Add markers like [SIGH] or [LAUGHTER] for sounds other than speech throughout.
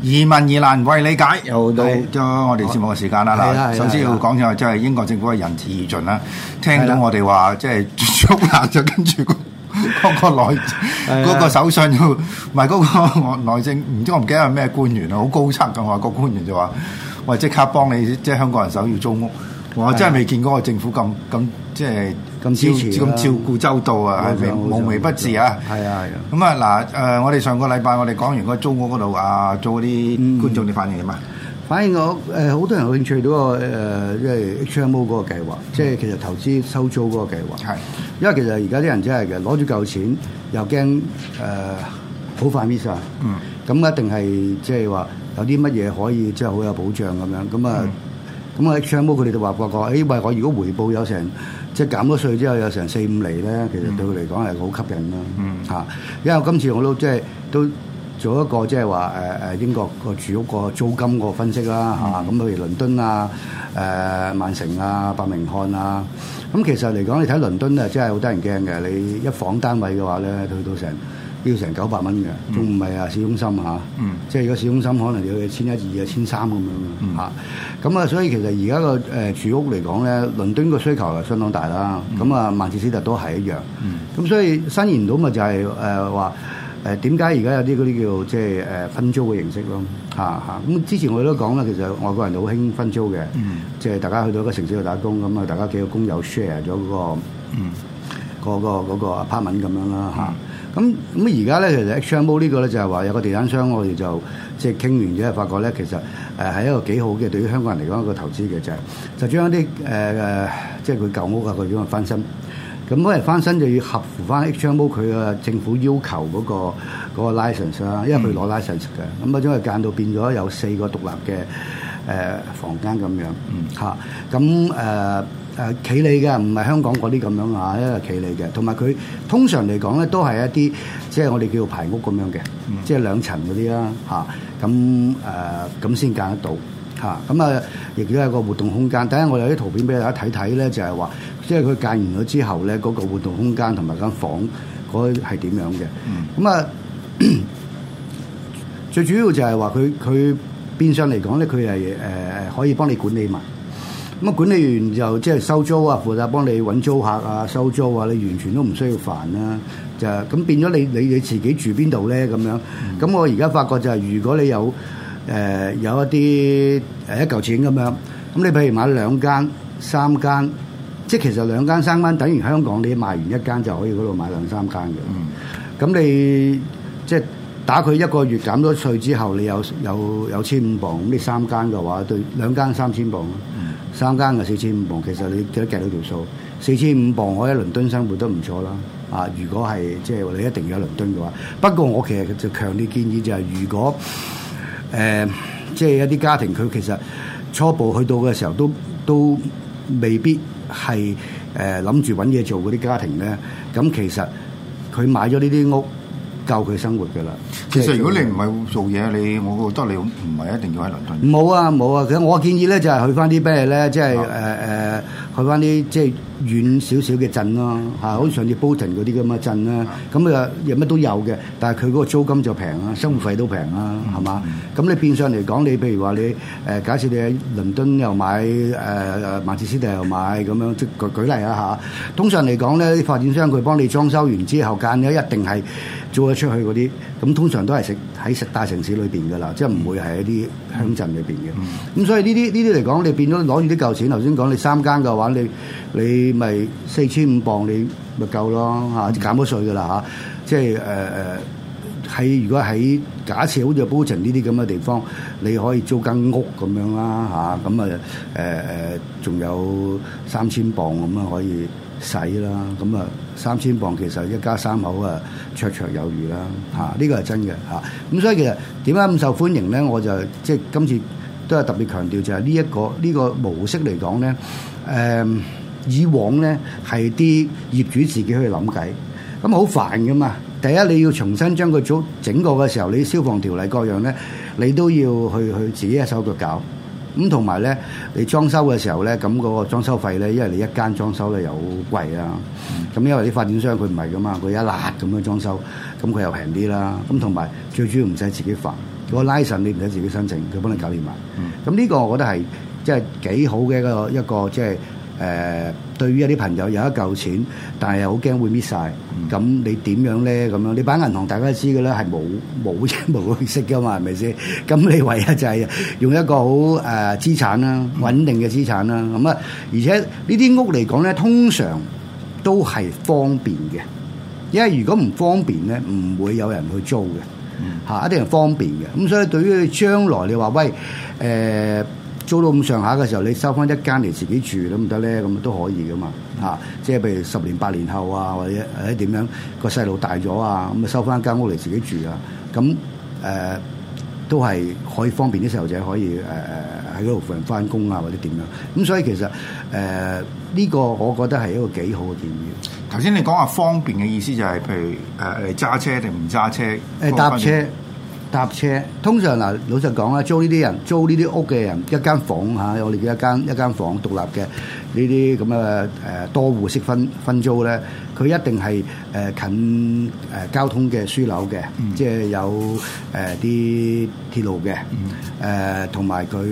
移民而難為理解，又都將我哋先節目嘅時間我啦。嗱，首先要講就即係英國政府嘅仁至義盡啦。的聽到我哋話、就是，即係租屋難就跟住嗰個內嗰的個首相，要唔係嗰個內政？唔知我唔記得係咩官員啦，好高級嘅話，個官員就話：，喂，即刻幫你即係、就是、香港人手要租屋。我真係未見過嗰個政府咁咁即係。咁照咁照顧周到啊，無微不至啊！係啊係啊！咁啊嗱，誒我哋上個禮拜我哋講完嗰租屋嗰度啊，做嗰啲觀眾，你反應點啊？反應我誒好、呃、多人有興趣到個誒、呃、即係 HMO 嗰個計劃，嗯、即係其實投資收租嗰個計劃。嗯、因為其實而家啲人真係嘅，攞住嚿錢又驚誒好快 miss 啊！嗯，咁、嗯、一定係即係話有啲乜嘢可以即係好有保障咁樣咁啊！嗯咁啊 Shareholder 佢哋就話個個，誒、哎、喂，我如果回報有成，即係減咗稅之後有成四五厘咧，其實對佢嚟講係好吸引咯，嚇。Mm. 因為我今次我都即係都做一個即係話誒誒英國個住屋個租金個分析啦，嚇、mm. 啊。咁譬如倫敦啊、誒、呃、曼城啊、伯明翰啊，咁其實嚟講你睇倫敦啊，真係好得人驚嘅。你一房單位嘅話咧，去到成，要成九百蚊嘅，仲唔係啊？市中心嚇，即係如果市中心可能要千一二、千三咁樣嘅咁啊，所以其實而家個誒住屋嚟講咧，倫敦個需求又相當大啦。咁啊，曼徹斯特都係一樣。咁所以新研到咪就係誒話誒點解而家有啲嗰啲叫即係誒分租嘅形式咯嚇嚇。咁之前我哋都講啦，其實外國人都好興分租嘅，即係大家去到一個城市度打工咁啊，大家幾個工友 share 咗嗰個嗰個嗰個 partment 咁樣啦嚇。咁咁而家咧，其實 HMO 呢個咧就係、是、話有個地產商我，我哋就即係傾完之後發覺咧，其實誒係、呃、一個幾好嘅，對於香港人嚟講一個投資嘅就係、是，就將一啲誒、呃、即係佢舊屋啊，佢點樣翻新？咁可日翻新就要合符翻 HMO 佢嘅政府要求嗰、那個那個那個 license 啦，因為佢攞 license 嘅。咁啊、嗯，將佢間到變咗有四個獨立嘅誒、呃、房間咁樣嚇。咁、嗯、誒、嗯啊。誒企理嘅唔係香港嗰啲咁樣呀，因為企理嘅，同埋佢通常嚟講咧都係一啲即係我哋叫做排屋咁樣嘅，嗯、即係兩層嗰啲啦嚇。咁誒咁先間得到嚇。咁啊，亦、啊、都有個活動空間。等下我有啲圖片俾大家睇睇咧，就係、是、話即係佢間完咗之後咧，嗰、那個活動空間同埋間房嗰係點樣嘅。咁、嗯、啊，最主要就係話佢佢變相嚟講咧，佢係誒誒可以幫你管理埋。咁啊，管理員就即係收租啊，負責幫你揾租客啊、收租啊，你完全都唔需要煩啦。就咁變咗你你你自己住邊度咧？咁樣咁我而家發覺就係如果你有誒有一啲誒一嚿錢咁樣，咁你譬如買兩間三間，即係其實兩間三間等於香港你賣完一間就可以嗰度買兩三間嘅。咁你即係打佢一個月減咗稅之後，你有有有千五磅，呢三間嘅話，對兩間三千磅。三間嘅四千五磅，其實你記得計到條數。四千五磅我喺倫敦生活都唔錯啦。啊，如果係即係你一定要喺倫敦嘅話，不過我其實就強烈建議就係，如果誒、呃、即係一啲家庭佢其實初步去到嘅時候都都未必係誒諗住揾嘢做嗰啲家庭咧，咁其實佢買咗呢啲屋。教佢生活嘅啦。其實如果你唔係做嘢，你、嗯、我覺得你唔係一定要喺倫敦。冇啊冇啊！其實、啊、我建議咧就係、是、去翻啲咩咧，即係誒誒，去翻啲即係遠少少嘅鎮咯嚇，好似上次 Bolton 嗰啲咁嘅鎮啦。咁啊，乜都有嘅，但係佢嗰個租金就平啊，生活費都平啦，係嘛？咁、嗯、你變相嚟講，你譬如話你誒，假設你喺倫敦又買誒誒曼徹斯特又買咁樣，即係舉舉例啦嚇。通常嚟講咧，啲發展商佢幫你裝修完之後間咧一定係，租得出去嗰啲，咁通常都係食喺食大城市裏邊噶啦，嗯、即係唔會係一啲鄉鎮裏邊嘅。咁、嗯、所以呢啲呢啲嚟講，你變咗攞住啲舊錢，頭先講你三間嘅話，你你咪四千五鎊你咪夠咯嚇，減咗稅噶啦嚇。即係誒誒，喺、呃、如果喺假設好似 Buchan 呢啲咁嘅地方，你可以租間屋咁樣啦嚇，咁啊誒誒，仲、呃、有三千鎊咁啊可以使啦。咁啊三千鎊其實一家三口啊～綽綽有餘啦，嚇呢個係真嘅嚇。咁、啊、所以其實點解咁受歡迎咧？我就即係、就是、今次都係特別強調就係呢一個呢、呢個模式嚟講咧。誒、嗯、以往咧係啲業主自己去諗計，咁、嗯、好煩㗎嘛。第一你要重新將個組整個嘅時候，你消防條例各樣咧，你都要去去自己一手腳搞。咁同埋咧，你裝修嘅時候咧，咁嗰個裝修費咧，因為你一間裝修咧又好貴啊。咁、嗯、因為啲發展商佢唔係噶嘛，佢一辣咁樣裝修，咁佢又平啲啦。咁同埋最主要唔使自己煩，個 license 你唔使自己申請，佢幫你搞掂埋。咁呢、嗯、個我覺得係即係幾好嘅一個一個即係。誒、呃、對於一啲朋友有一嚿錢，但係好驚會搣晒。咁、嗯、你點樣咧？咁樣你擺銀行，大家都知嘅啦，係冇冇息冇息嘅嘛，係咪先？咁 [LAUGHS] 你唯一就係用一個好誒、呃、資產啦，穩定嘅資產啦。咁啊，而且呢啲屋嚟講咧，通常都係方便嘅，因為如果唔方便咧，唔會有人去租嘅嚇，嗯、一定係方便嘅。咁所以對於將來你話喂誒？呃租到咁上下嘅時候，你收翻一間嚟自己住都唔得咧，咁都可以㗎嘛，嚇、啊！即係譬如十年八年後啊，或者誒點、哎、樣個細路大咗啊，咁啊收翻間屋嚟自己住啊，咁誒、呃、都係可以方便啲細路仔可以誒誒喺嗰度附近翻工啊，或者點樣？咁、啊、所以其實誒呢、呃這個我覺得係一個幾好嘅建議。頭先你講話方便嘅意思就係、是、譬如誒揸、呃、車定唔揸車？誒搭車。搭車通常嗱，老實講啦，租呢啲人租呢啲屋嘅人一間房嚇，我哋叫一間一間房獨立嘅呢啲咁嘅誒多戶式分分租咧，佢一定係誒、呃、近誒、呃、交通嘅樞紐嘅，即係有誒啲鐵路嘅誒，同埋佢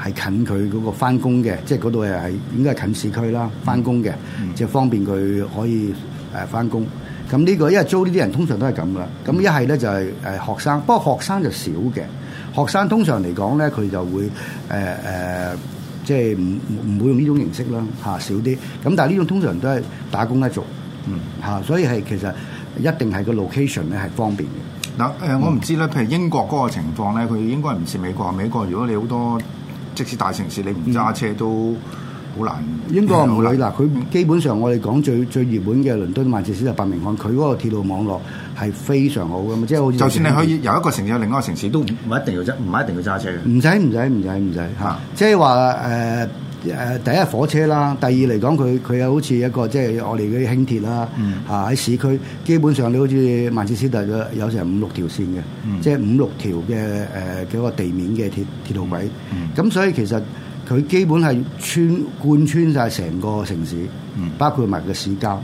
係近佢嗰個翻工嘅，即係嗰度又係應該係近市區啦，翻工嘅，嗯、即就方便佢可以誒翻工。呃咁呢個因為租呢啲人通常都係咁啦，咁一係咧就係、是、誒學生，不過學生就少嘅。學生通常嚟講咧，佢就會誒誒，即係唔唔會用呢種形式啦，嚇、啊、少啲。咁但係呢種通常都係打工一族，嗯、啊、嚇，所以係其實一定係個 location 咧係方便嘅。嗱誒、嗯呃，我唔知咧，譬如英國嗰個情況咧，佢應該唔似美國。美國如果你好多即使大城市你唔揸車都。嗯好難，應該唔理嗱，佢、嗯、基本上我哋講最、嗯、最熱門嘅倫敦、曼徹斯特、伯明翰，佢嗰個鐵路網絡係非常好嘅嘛，即係好似就算你可以由一個城市有另一個城市都，都唔、嗯、一定要啫，唔係一定要揸車嘅。唔使唔使唔使唔使嚇，啊、即係話誒誒，第一火車啦，第二嚟講，佢佢又好似一個即係我哋嗰啲輕鐵啦嚇，喺市區，基本上你好似曼徹斯特有成五六條線嘅，嗯、即係五六條嘅誒幾個地面嘅鐵鐵路軌，咁、嗯、所以其實。佢基本係穿貫穿晒成個城市，嗯、包括埋個市郊。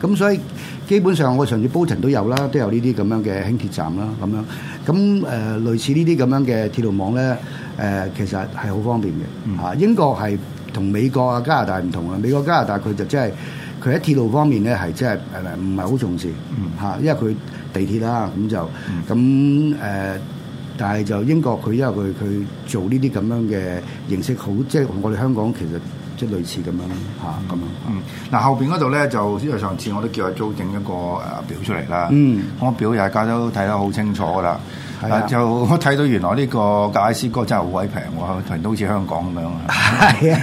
咁、嗯、所以基本上我上次 Boston 都有啦，都有呢啲咁樣嘅輕鐵站啦，咁樣咁誒、呃、類似呢啲咁樣嘅鐵路網咧，誒、呃、其實係好方便嘅嚇、嗯啊。英國係同美國啊加拿大唔同啊，美國加拿大佢就即係佢喺鐵路方面咧係即係誒唔係好重視嚇、嗯啊，因為佢地鐵啦咁就咁誒。嗯但係就英國佢因為佢佢做呢啲咁樣嘅形式好，即係我哋香港其實即係類似咁樣嚇咁、嗯、樣。嗯，嗱、嗯、後邊嗰度咧就因為上次我都叫阿 Joe 整一個誒表出嚟啦。嗯，我表大家都睇得好清楚噶啦。係啊，就我睇到原來呢個格拉斯哥真係好鬼平喎，同都好似香港咁樣啊。係啊，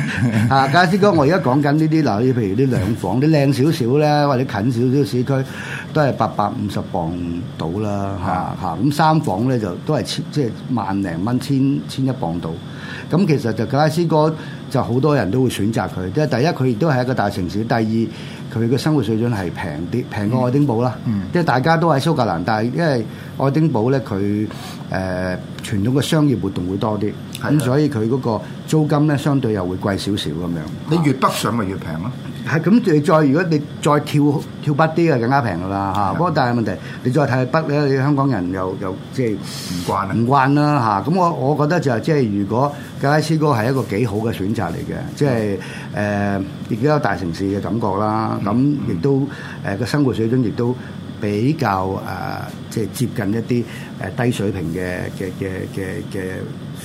啊格拉斯哥，我而家講緊呢啲嗱，譬如啲兩房啲靚少少咧，或者近少少市區，都係八百五十磅到啦，嚇、啊、嚇。咁、啊啊、三房咧就都、是、係千即係萬零蚊千千一磅到。咁、啊、其實就格拉斯哥就好多人都會選擇佢，即係第一佢亦都係一個大城市，第二。佢嘅生活水準係平啲，平過愛丁堡啦。即係、嗯、大家都喺蘇格蘭，但係因為愛丁堡咧，佢誒、呃、傳統嘅商業活動會多啲，咁所以佢嗰個租金咧，相對又會貴少少咁樣。你越北上咪越平咯。係咁，你再如果你再跳跳北啲就更加平㗎啦嚇。不過是的 但係問題，你再睇北咧，你香港人又又即係唔慣唔慣啦嚇。咁乖我我覺得就即、是、係如果格拉斯哥係一個幾好嘅選擇嚟嘅，即係誒，亦、呃、都有大城市嘅感覺啦。咁亦都誒個、呃、生活水準亦都比較誒。呃即係接近一啲誒低水平嘅嘅嘅嘅嘅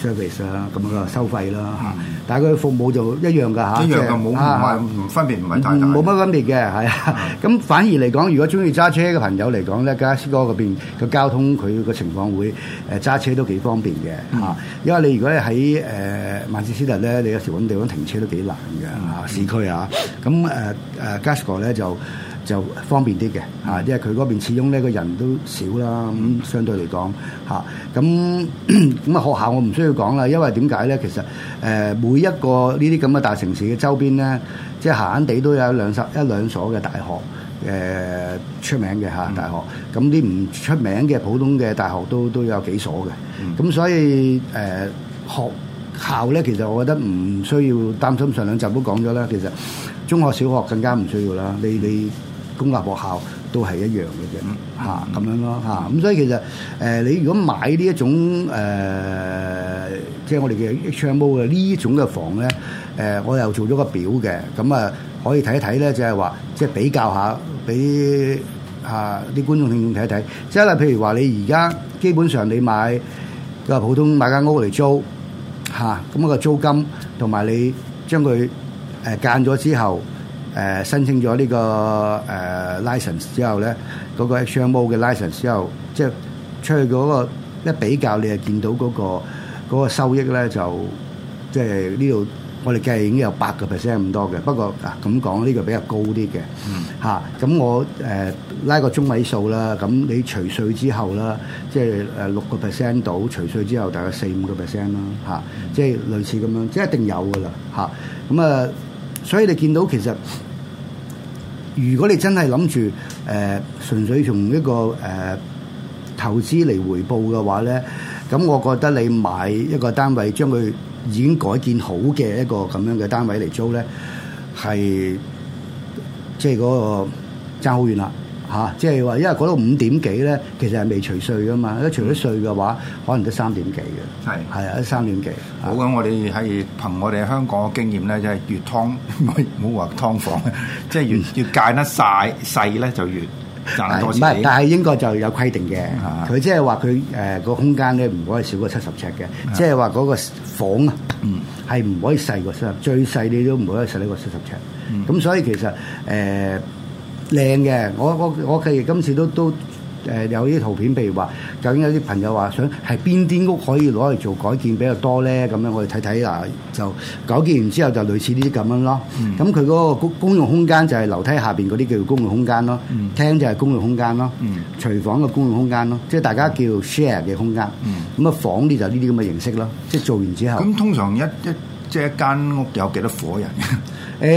service 啦，咁樣嘅收費啦嚇，嗯、但係佢服務就一樣㗎嚇，一樣嘅冇、啊、分別唔係大冇乜分別嘅係啊。咁的反而嚟講，如果中意揸車嘅朋友嚟講咧，Glasgow 嗰邊個交通佢個情況會誒揸車都幾方便嘅嚇，嗯、因為你如果喺誒、呃、曼徹斯特咧，你有時揾地方停車都幾難嘅嚇，嗯嗯、市區啊，咁誒誒 Glasgow 咧就。就啊啊啊啊就方便啲嘅，嚇、啊，因為佢嗰邊始終呢個人都少啦，咁、嗯、相對嚟講，嚇、啊，咁咁啊學校我唔需要講啦，因為點解咧？其實誒、呃、每一個呢啲咁嘅大城市嘅周邊咧，即係閒閒地都有兩三、一兩所嘅大學誒出名嘅嚇大學，咁啲唔出名嘅、嗯、普通嘅大學都都有幾所嘅，咁、嗯、所以誒、呃、學校咧，其實我覺得唔需要擔心，上兩集都講咗啦，其實中學、小學更加唔需要啦，你你。你你你你公立學校都係一樣嘅啫，嚇咁、嗯啊、樣咯，嚇咁、嗯啊、所以其實誒、呃、你如果買呢一種誒，即、呃、係、就是、我哋嘅 HMO 嘅呢種嘅房咧，誒、呃、我又做咗個表嘅，咁啊可以睇一睇咧，就係話即係比較下俾啊啲觀眾聽眾睇一睇，即係例如話你而家基本上你買嘅普通買間屋嚟租嚇，咁、啊那個租金同埋你將佢誒間咗之後。誒申請咗呢個誒 license 之後咧，嗰、那個 HMO 嘅 license 之後，即係出去嗰個一比較，你係見到嗰、那個那個收益咧，就即係呢度我哋計已經有八個 percent 咁多嘅。不過嗱咁講，呢、啊這個比較高啲嘅嚇。咁、嗯啊、我誒、呃、拉個中位數啦，咁你除稅之後啦，即係誒六個 percent 到，除稅之後大概四五個 percent 啦嚇、啊。即係類似咁樣，即係一定有噶啦嚇。咁啊～所以你見到其實，如果你真係諗住誒純粹從一個誒、呃、投資嚟回報嘅話咧，咁我覺得你買一個單位將佢已經改建好嘅一個咁樣嘅單位嚟租咧，係即係嗰個爭好遠啦。嚇，即係話，因為嗰度五點幾咧，其實係未除稅噶嘛，一除咗稅嘅話，可能得三點幾嘅。係係啊，得三點幾。好，咁我哋係憑我哋香港嘅經驗咧，即係越劏唔好話劏房，即係越越間得細細咧，就越賺多錢。唔係，但係英國就有規定嘅，佢即係話佢誒個空間咧唔可以少過七十尺嘅，即係話嗰個房啊，係唔可以細過七十，最細你都唔可以細得過七十尺。咁所以其實誒。靚嘅，我我我記住今次都都誒有啲圖片，譬如話，究竟有啲朋友話想係邊啲屋可以攞嚟做改建比較多咧？咁樣我哋睇睇啊，就改建完之後就類似呢啲咁樣咯。咁佢嗰個公用空間就係樓梯下邊嗰啲叫做公用空間咯，廳就係公用空間咯，廚房嘅公用空間咯，即係大家叫 share 嘅空間。咁啊房啲就呢啲咁嘅形式咯，即係做完之後。咁通常一一。即係一間屋有幾多夥人嘅？誒、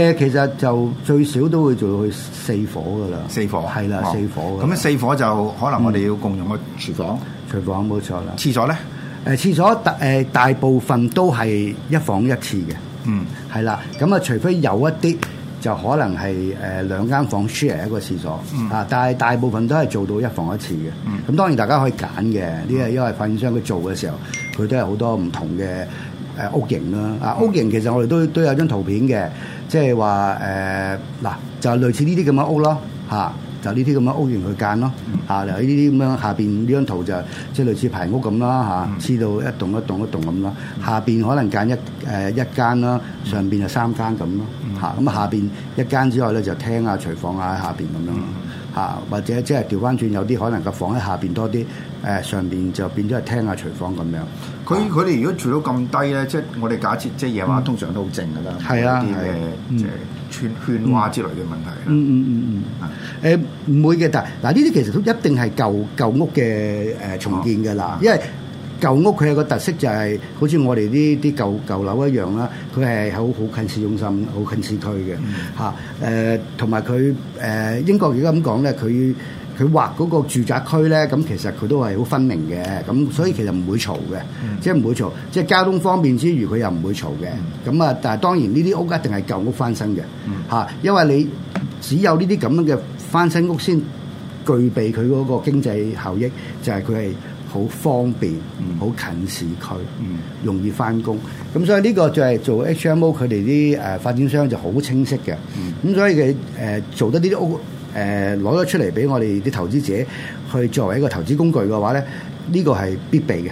呃，其實就最少都會做到去四夥噶啦。四夥係啦，了哦、四夥。咁四夥就可能我哋要共用個廚房。廚、嗯、房冇錯啦。廁所咧？誒、呃，廁所大誒、呃、大部分都係一房一廁嘅。嗯，係啦。咁啊，除非有一啲就可能係誒、呃、兩間房 share 一個廁所。嗯、啊，但係大部分都係做到一房一廁嘅。咁、嗯、當然大家可以揀嘅，呢個因為發展商佢做嘅時候，佢都係好多唔同嘅。誒屋型啦，啊屋型其實我哋都都有張圖片嘅，即係話誒嗱就係、是呃、類似呢啲咁嘅屋咯，嚇、啊、就呢啲咁嘅屋型去間咯，嚇呢啲咁樣下邊呢張圖就即係類似排屋咁啦，嚇、啊、黐到一棟一棟一棟咁咯，下邊可能間一誒一間啦，上邊就三間咁咯，嚇咁啊下邊一間之外咧就廳啊、廚房啊喺下邊咁樣。嗯啊，或者即係調翻轉，有啲可能個房喺下邊多啲，誒、呃、上邊就變咗係廳啊、廚房咁樣。佢佢哋如果住到咁低咧、嗯，即係我哋假設即係夜晚通常都好靜噶啦，啲咩即係串圈話、嗯、之類嘅問題嗯嗯嗯嗯，嗯嗯嗯嗯嗯啊，唔、呃、會嘅，但係嗱呢啲其實都一定係舊舊屋嘅誒重建㗎啦、啊嗯，因為。舊屋佢有個特色就係，好似我哋呢啲舊舊樓一樣啦，佢係好好近市中心、好近市區嘅嚇。誒、嗯，同埋佢誒英國如果咁講咧，佢佢劃嗰個住宅區咧，咁其實佢都係好分明嘅，咁所以其實唔會嘈嘅、嗯，即係唔會嘈，即係交通方便之餘，佢又唔會嘈嘅。咁啊，但係當然呢啲屋一定係舊屋翻新嘅嚇，因為你只有呢啲咁樣嘅翻新屋先具備佢嗰個經濟效益，就係佢係。好方便，好近市區，容易翻工。咁所以呢個就係做 HMO 佢哋啲誒發展商就好清晰嘅。咁所以佢誒、呃、做得呢啲屋誒攞咗出嚟俾我哋啲投資者去作為一個投資工具嘅話咧，呢、呢個係必備嘅，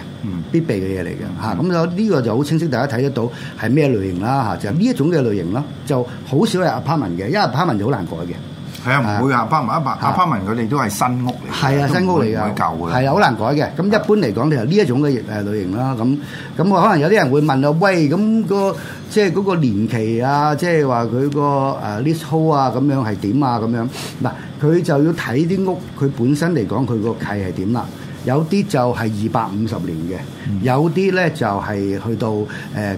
必備嘅嘢嚟嘅嚇。咁所以呢個就好清晰，大家睇得到係咩類型啦嚇，就呢一種嘅類型咯，就好少係 Apartment 嘅，因為 Apartment 就好難改嘅。係啊，唔會阿柏文一百，阿柏文佢哋都係新屋嚟，係啊，新屋嚟㗎，係啊，好難改嘅。咁一般嚟講，就呢一種嘅誒類型啦。咁咁我可能有啲人會問啊，喂，咁個即係嗰個年期啊，即係話佢個誒 leasehold 啊，咁樣係點啊？咁樣嗱，佢就要睇啲屋，佢本身嚟講，佢個契係點啦。有啲就係二百五十年嘅，嗯、有啲咧就係去到誒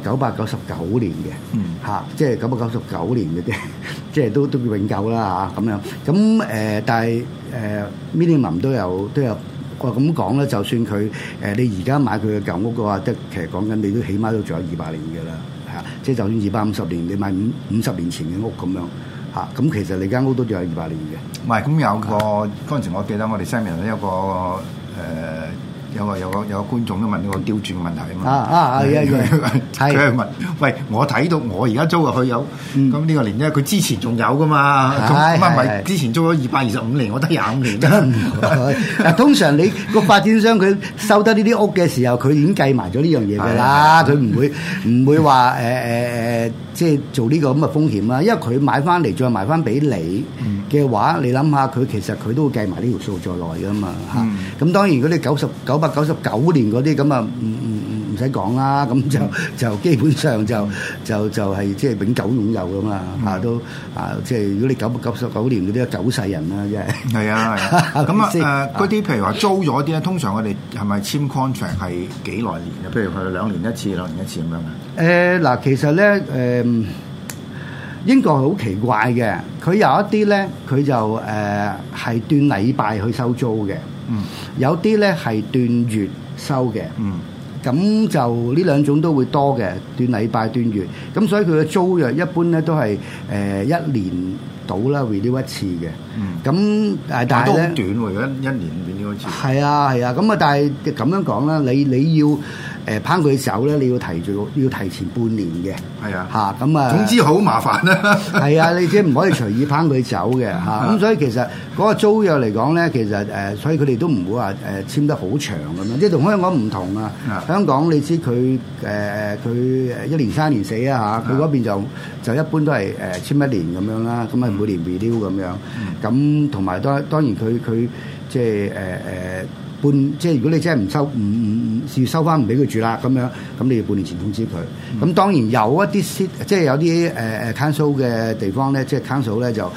九百九十九年嘅，嚇、嗯，即係九百九十九年嘅啫， [LAUGHS] 即係都都叫永久啦，嚇咁樣。咁誒、呃，但係誒、呃、minimum 都有都有我咁講咧，就算佢誒、呃、你而家買佢嘅舊屋嘅話，即係其實講緊你都起碼都仲有二百年嘅啦，嚇。即係就算二百五十年，你買五五十年前嘅屋咁樣嚇，咁其實你間屋都仲有二百年嘅。唔係、嗯，咁有個，當時是我記得我哋新人 g 有個。呃。有個有個有個觀眾都問呢個刁鑽問題啊嘛，啊啊係啊，樣，係佢係問，喂，我睇到我而家租落去有咁呢個年，因為佢之前仲有噶嘛，咁啊之前租咗二百二十五年，我得廿五年。通常你個發展商佢收得呢啲屋嘅時候，佢已經計埋咗呢樣嘢㗎啦，佢唔會唔會話誒誒誒，即係做呢個咁嘅風險啊？因為佢買翻嚟再賣翻俾你嘅話，你諗下佢其實佢都會計埋呢條數在內㗎嘛嚇。咁當然如果你九十九百。九十九年嗰啲咁啊，唔唔唔，唔使講啦，咁就就基本上就就就係即係永久擁有咁啊！嚇都啊，即係如果你九百九十九年嗰啲啊，有九世人啦，即係。係啊，係啊，咁啊誒，嗰啲譬如話租咗啲咧，通常我哋係咪簽 contract 係幾耐年嘅？譬如係兩年一次，兩年一次咁樣啊？誒嗱，其實咧誒，英國好奇怪嘅，佢有一啲咧，佢就誒係斷禮拜去收租嘅。嗯，有啲咧係斷月收嘅，嗯，咁就呢兩種都會多嘅，斷禮拜、斷月，咁所以佢嘅租約一般咧都係誒、呃、一年到啦 review 一次嘅，呃、嗯，咁誒但係咧，但都好短喎，而家一年五、呃、年一次，係啊係啊，咁啊但係咁樣講啦，你你要。誒拋佢走咧，你要提早要提前半年嘅，係啊，嚇咁啊。總之好麻煩啦、啊。係 [LAUGHS] 啊，你即係唔可以隨意拋佢走嘅嚇。咁、啊啊、所以其實嗰個租約嚟講咧，其實誒、呃，所以佢哋都唔會話誒、呃、簽得好長咁樣，即係同香港唔同啊。啊香港你知佢誒誒佢一年三年死啊嚇，佢嗰邊就、啊、就一般都係誒、呃、簽一年咁樣啦，咁啊每年 review 咁樣，咁同埋當當然佢佢即係誒誒。半即係如果你真係唔收唔唔唔是要收翻唔俾佢住啦咁樣，咁你要半年前通知佢。咁、嗯、當然有一啲即係有啲誒誒 council 嘅地方咧，即係 council 咧就誒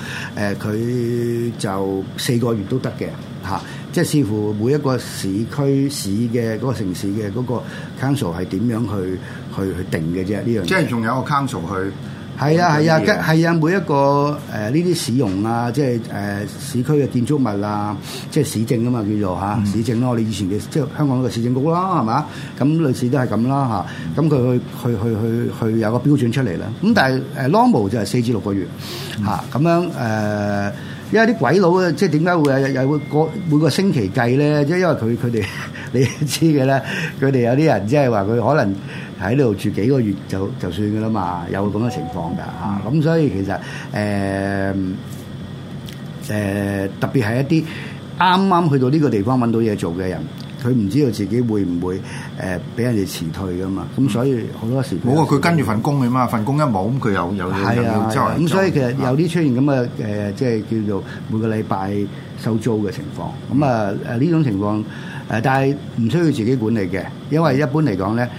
佢、呃、就四個月都得嘅吓，即係視乎每一個市區市嘅嗰、嗰個城市嘅嗰個 council 係點樣去去去定嘅啫呢樣。即係仲有個 council 去。係啊係啊，係啊！每一個誒呢啲市容啊，即係誒、呃、市區嘅建築物啊，即係市政啊嘛，叫做嚇、啊嗯、市政咯。我哋以前嘅即係香港個市政局啦，係嘛？咁類似都係咁啦嚇。咁佢去去去去去有個標準出嚟啦。咁、啊、但係誒 normal 就係四至六個月嚇。咁、啊、樣誒、呃，因為啲鬼佬啊，即係點解會有有個每個星期計咧？即係因為佢佢哋你知嘅咧，佢哋有啲人即係話佢可能。喺呢度住幾個月就就算噶啦嘛，有咁嘅情況噶嚇。咁、嗯、所以其實誒誒、呃呃、特別係一啲啱啱去到呢個地方揾到嘢做嘅人，佢唔知道自己會唔會誒俾、呃、人哋辭退噶嘛。咁所以好多時冇啊，佢跟住份工㗎嘛，份工一冇咁佢又有又要周圍做咁、嗯、所以其實有啲出現咁嘅誒，即係叫做每個禮拜收租嘅情況。咁啊誒呢種情況誒，但係唔需要自己管理嘅，因為一般嚟講咧。呢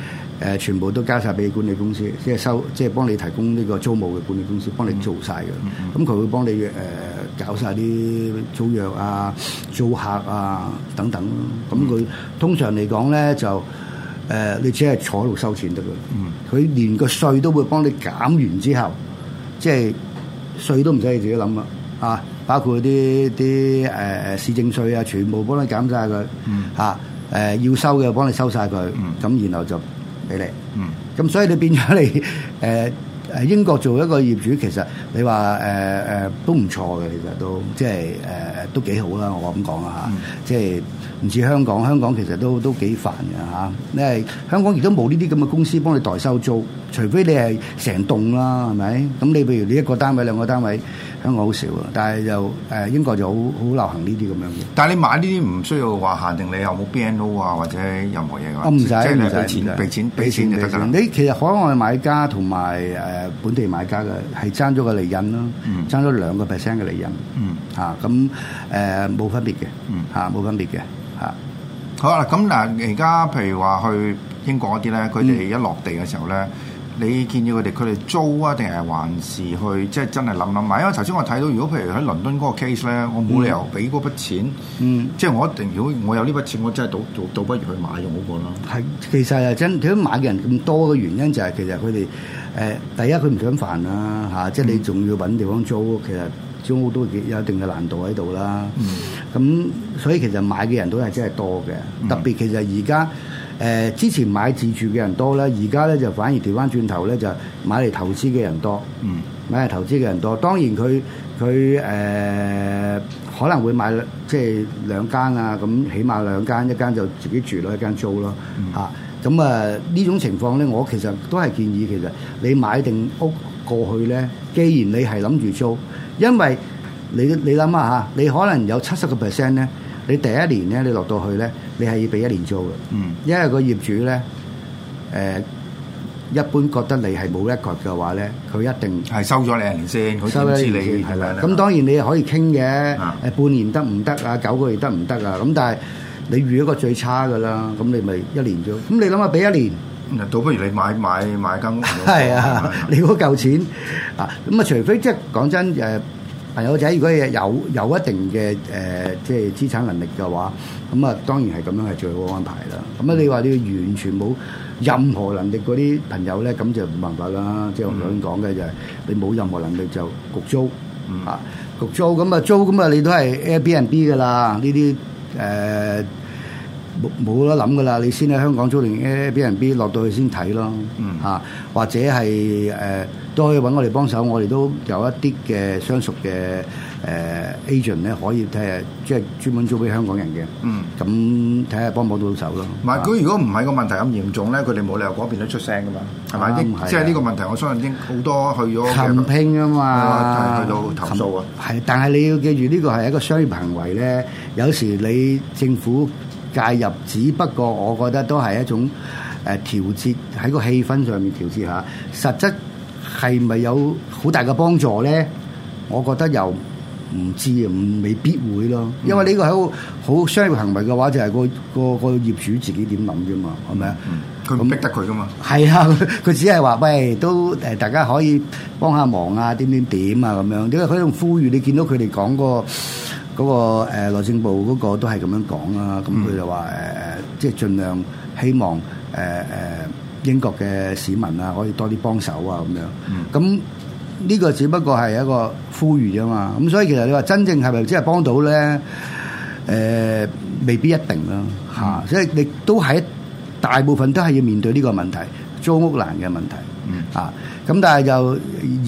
誒全部都交晒俾管理公司，即、就、係、是、收，即、就、係、是、幫你提供呢個租務嘅管理公司，幫你做晒嘅。咁佢、mm hmm. 會幫你誒、呃、搞晒啲租約啊、租客啊等等咁佢、嗯、通常嚟講咧就誒、呃，你只係坐喺度收錢得㗎。佢、mm hmm. 連個稅都會幫你減完之後，即係稅都唔使你自己諗啦。啊，包括啲啲誒市政稅啊，全部幫你減晒。佢、mm。嚇、hmm. 誒、啊呃、要收嘅幫你收晒。佢、嗯。咁、mm hmm. 然後就。俾你，嗯，咁所以你變咗你誒。呃誒英國做一個業主其實你話誒誒都唔錯嘅，其實都即係誒、呃、都幾好啦，我咁講啊嚇，嗯、即係唔似香港，香港其實都都幾煩嘅嚇。你、啊、係香港而家冇呢啲咁嘅公司幫你代收租，除非你係成棟啦，係咪？咁你譬如你一個單位兩個單位，香港好少啊。但係就誒、呃、英國就好好流行呢啲咁樣嘅。但係你買呢啲唔需要話限定你有冇 BNO 啊或者任何嘢嘅、啊，我唔使俾錢俾錢俾錢就得，你其實海外買家同埋誒。呃誒，本地買家嘅，係爭咗個利潤咯爭咗兩個 percent 嘅利潤。嗯，吓咁誒，冇分別嘅，嗯，吓冇、啊呃、分別嘅吓好啦，咁嗱而家譬如話去英國嗰啲咧，佢哋一落地嘅時候咧。嗯你建議佢哋，佢哋租啊，定係還是去即係真係諗諗買？因為頭先我睇到，如果譬如喺倫敦嗰個 case 咧，我冇理由俾嗰筆錢，嗯、即係我一定如果我有呢筆錢，我真係倒倒不如去買用嗰個啦。係，其實係真點解買嘅人咁多嘅原因就係其實佢哋誒第一佢唔想煩啦、啊、嚇、啊，即係你仲要搵地方租，嗯、其實租屋都有一定嘅難度喺度啦。咁、嗯、所以其實買嘅人都係真係多嘅，嗯、特別其實而家。誒、呃、之前買自住嘅人多咧，而家咧就反而調翻轉頭咧，就買嚟投資嘅人多。嗯，買嚟投資嘅人多。當然佢佢誒可能會買即係兩間啊，咁起碼兩間，一間就自己住咯，一間租咯。嚇、嗯，咁啊呢種情況咧，我其實都係建議其實你買定屋過去咧，既然你係諗住租，因為你你諗下，嚇，你可能有七十個 percent 咧。呢你第一年咧，你落到去咧，你係要俾一年租嘅，嗯，因為個業主咧，誒一般覺得你係冇 record 嘅話咧，佢一定係收咗你一年先，佢點知你係啦。咁當然你又可以傾嘅，誒半年得唔得啊？九個月得唔得啊？咁但係你預一個最差嘅啦，咁你咪一年租。咁你諗下俾一年，倒不如你買買買間屋。係啊，你嗰嚿錢啊，咁啊，除非即係講真誒。朋友仔，如果有有一定嘅誒，即係資產能力嘅話，咁啊當然係咁樣係最好安排啦。咁啊，你話你完全冇任何能力嗰啲朋友咧，咁就冇辦法啦。即係我想講嘅就係你冇任何能力就焗租啊，焗租咁啊租咁啊，你都係 Airbnb 噶啦。呢啲誒冇冇得諗噶啦，你先喺香港租定 Airbnb，落到去先睇咯。嗯啊，或者係誒。都可以揾我哋幫手，我哋都有一啲嘅相熟嘅誒 agent 咧，可以睇下即係專門租俾香港人嘅。嗯。咁睇下幫唔幫到手咯。唔係、嗯，佢如果唔係個問題咁嚴重咧，佢哋冇理由嗰邊都出聲噶嘛。係咪先？嗯啊、即係呢個問題，我相信應好多去咗。氹興啊嘛。去到投訴啊。係，拼但係你要記住，呢個係一個商業行為咧。有時你政府介入，只不過我覺得都係一種誒、呃、調節喺個氣氛上面調節下，實質。係咪有好大嘅幫助咧？我覺得又唔知啊，未必會咯。因為呢個係好商業行為嘅話，就係個個個業主自己點諗啫嘛，係咪啊？佢唔逼得佢噶嘛。係啊，佢只係話喂，都誒大家可以幫下忙啊，點點點啊咁樣。因為佢用呼籲，你見到佢哋講個嗰個誒內政部嗰個都係咁樣講啊。咁佢就話誒誒，即係盡量希望誒誒。英國嘅市民啊，可以多啲幫手啊，咁樣。咁呢、嗯呢個只不過係一個呼籲啊嘛。咁所以其實你話真正係咪真係幫到咧？誒、呃，未必一定咯，嚇、嗯啊。所以你都係大部分都係要面對呢個問題，租屋難嘅問題。嗯、啊，咁但係就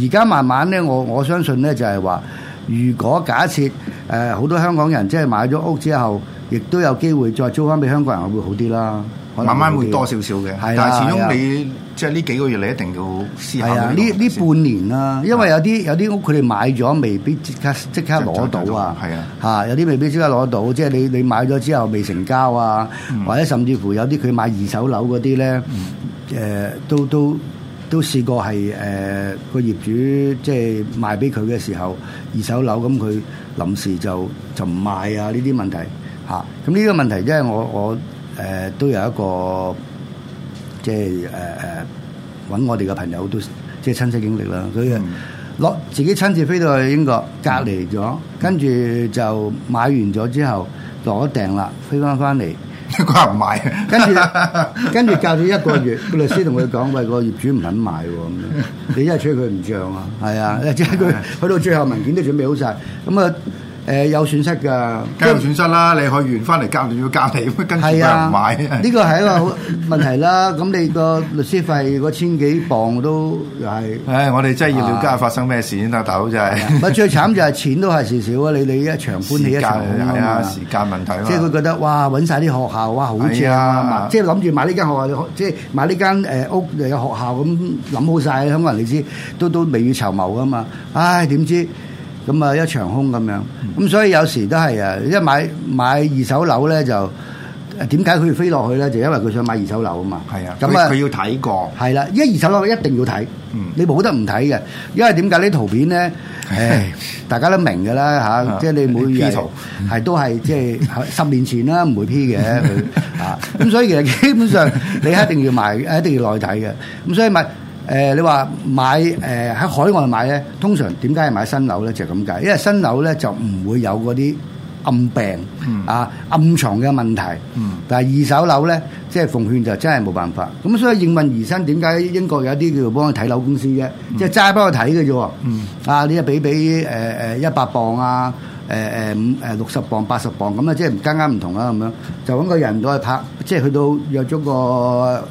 而家慢慢咧，我我相信咧就係、是、話，如果假設誒好、呃、多香港人即係買咗屋之後，亦都有機會再租翻俾香港人，會好啲啦。慢慢會多少少嘅，的但係始終你的即係呢幾個月，你一定要思考啊，呢呢半年啦，的因為有啲有啲屋佢哋買咗，未必即刻即刻攞到啊。係啊，嚇、嗯、有啲未必即刻攞到，即、就、係、是、你你買咗之後未成交啊，的或者甚至乎有啲佢買二手樓嗰啲咧，誒、呃、都都都都試過係誒個業主即係、就是、賣俾佢嘅時候，對二手樓咁佢臨時就就唔賣啊！呢啲問題嚇，咁、啊、呢個問題即係我我。誒、呃、都有一個，即係誒誒揾我哋嘅朋友都即係親身經歷啦。所以攞自己親自飛到去英國，隔離咗，跟住就買完咗之後落訂啦，飛翻翻嚟，應該唔買。跟住跟住隔咗一個月， [LAUGHS] 律師同佢講：喂，個業主唔肯買喎。咁你因為催佢唔漲啊。係啊， [LAUGHS] 即係佢去到最後文件都準備好晒。咁啊。誒、呃、有損失㗎，都有損失啦即。你去完翻嚟隔斷要隔離，跟住冇人買。呢個係一個好問題啦。咁 [LAUGHS] 你個律師費個千幾磅都係。唉、哎，我哋真係要了解、啊、發生咩事先得，大佬真係。唔係、啊、最慘就係錢都係事少間啊！你你一場搬起一場，時間又係啊，時間問題。即係佢覺得哇，揾晒啲學校哇，好啲啊即係諗住買呢間學校，啊啊啊、即係買呢間誒屋又有學校咁諗好曬。咁啊，你、哎哎、知都都未雨綢繆啊嘛。唉、哎，點、哎哎哎、知？咁啊，一場空咁樣，咁所以有時都係啊，一買買二手樓咧就點解佢要飛落去咧？就因為佢想買二手樓啊嘛。係啊，咁啊，佢要睇過。係啦，一二手樓一定要睇。嗯，你冇得唔睇嘅，因為點解啲圖片咧？誒，大家都明㗎啦嚇，即係你每 P 圖係都係即係十年前啦，唔會 P 嘅佢啊。咁所以其實基本上你一定要買，一定要落去睇嘅。咁所以咪。誒、呃、你話買誒喺、呃、海外買咧，通常點解係買新樓咧？就咁、係、解，因為新樓咧就唔會有嗰啲暗病、嗯、啊、暗藏嘅問題。但係二手樓咧，即係奉勸就真係冇辦法。咁所以應運而生，點解英國有啲叫做幫佢睇樓公司嘅？嗯、即係齋幫佢睇嘅啫。嗯、啊，你一俾俾誒誒一百磅啊！誒誒五誒六十磅八十磅咁啊，即係間間唔同啦咁樣，mm. 就揾個人都去拍，即係去到約咗個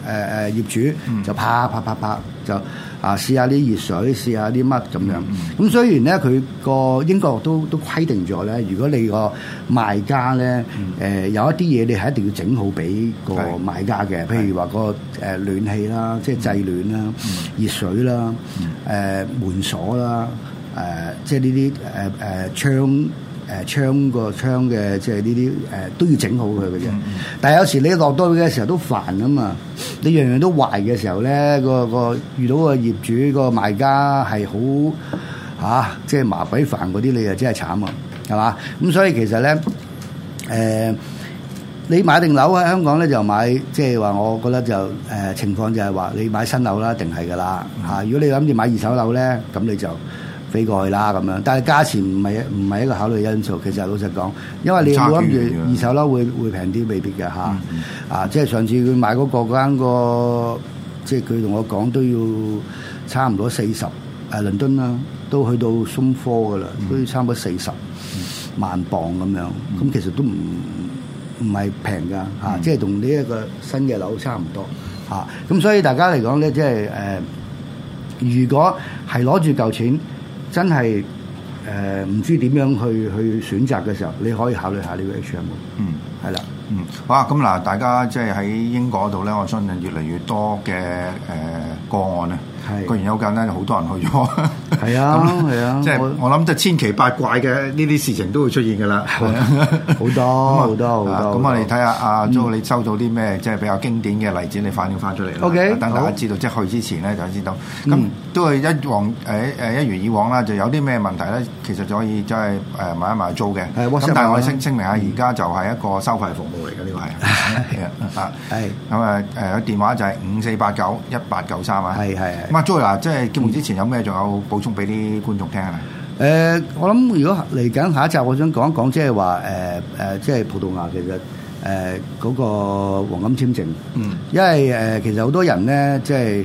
誒誒業主、mm. 就拍、拍、拍、拍，就啊試下啲熱水，試下啲乜咁樣。咁、mm. 雖然咧，佢個英國都都規定咗咧，如果你,賣、mm. 呃、你個賣家咧誒有一啲嘢，你係一定要整好俾個買家嘅，譬如話個誒暖氣啦，即係制暖啦、mm. 熱水啦、誒、呃、門鎖啦。Mm. 誒、呃，即係呢啲誒誒窗誒、呃、窗個窗嘅，即係呢啲誒都要整好佢嘅啫。但係有時你落到去嘅時候都煩啊嘛，你樣樣都壞嘅時候咧，個個遇到個業主個賣家係好嚇，即係麻鬼煩嗰啲，你就真係慘啊，係嘛？咁所以其實咧，誒、呃，你買定樓喺香港咧就買，即係話我覺得就誒、呃、情況就係話你買新樓啦，定係噶啦嚇。如果你諗住買二手樓咧，咁你就～飛過去啦咁樣，但係價錢唔係唔係一個考慮因素。其實老實講，因為你會諗住二手樓會會平啲，未必嘅嚇。嗯嗯、啊，即係上次佢買嗰、嗰個嗰間、嗰個，即係佢同我講都要差唔多四十。誒，倫敦啦，都去到松科嘅啦，都要、嗯、差唔多四十、嗯嗯、萬鎊咁樣。咁、嗯、其實都唔唔係平㗎嚇，啊嗯、即係同呢一個新嘅樓差唔多嚇。咁、啊啊、所以大家嚟講咧，即係誒，如果係攞住嚿錢。真係誒唔知點樣去去選擇嘅時候，你可以考慮下呢個 HMO。嗯，係啦。嗯，哇！咁嗱，大家即係喺英國度咧，我相信越嚟越多嘅誒、呃、個案咧，個是原因好簡單，有好多人去咗。 [LAUGHS] 係啊，咁係啊，即係我諗即係千奇百怪嘅呢啲事情都會出現㗎啦，好多好多好多。咁我哋睇下阿 Joe 你收到啲咩，即係比較經典嘅例子，你反映翻出嚟，OK，等大家知道。即係去之前咧就先到，咁都係一往誒誒一如以往啦，就有啲咩問題咧，其實可以即係誒買一買租嘅。咁但係我聲聲明下，而家就係一個收費服務嚟嘅呢個係。係咁啊誒電話就係五四八九一八九三啊。係係。咁阿 Joe 嗱，即係結之前有咩仲有補？送俾啲觀眾聽，係嘛！誒、呃，我諗如果嚟緊下一集，我想講一講，即係話誒誒，即係葡萄牙其實誒嗰個黃金簽證，嗯，因為誒其實好多人咧，即係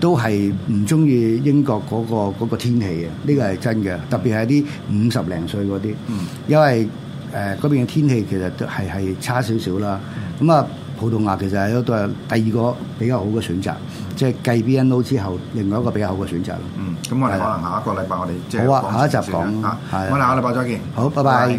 都係唔中意英國嗰個天氣嘅，呢個係真嘅，特別係啲五十零歲嗰啲，嗯，因為誒嗰邊嘅天氣其實係係差少少啦，咁啊，葡萄牙其實係一個第二個比較好嘅選擇。即係繼 BNO 之後，另外一個比較好嘅選擇咯。嗯，咁我哋可能下一個禮拜我哋即係好啊，下一集講吓、啊。啊啊、我哋下禮拜再見。好，拜拜。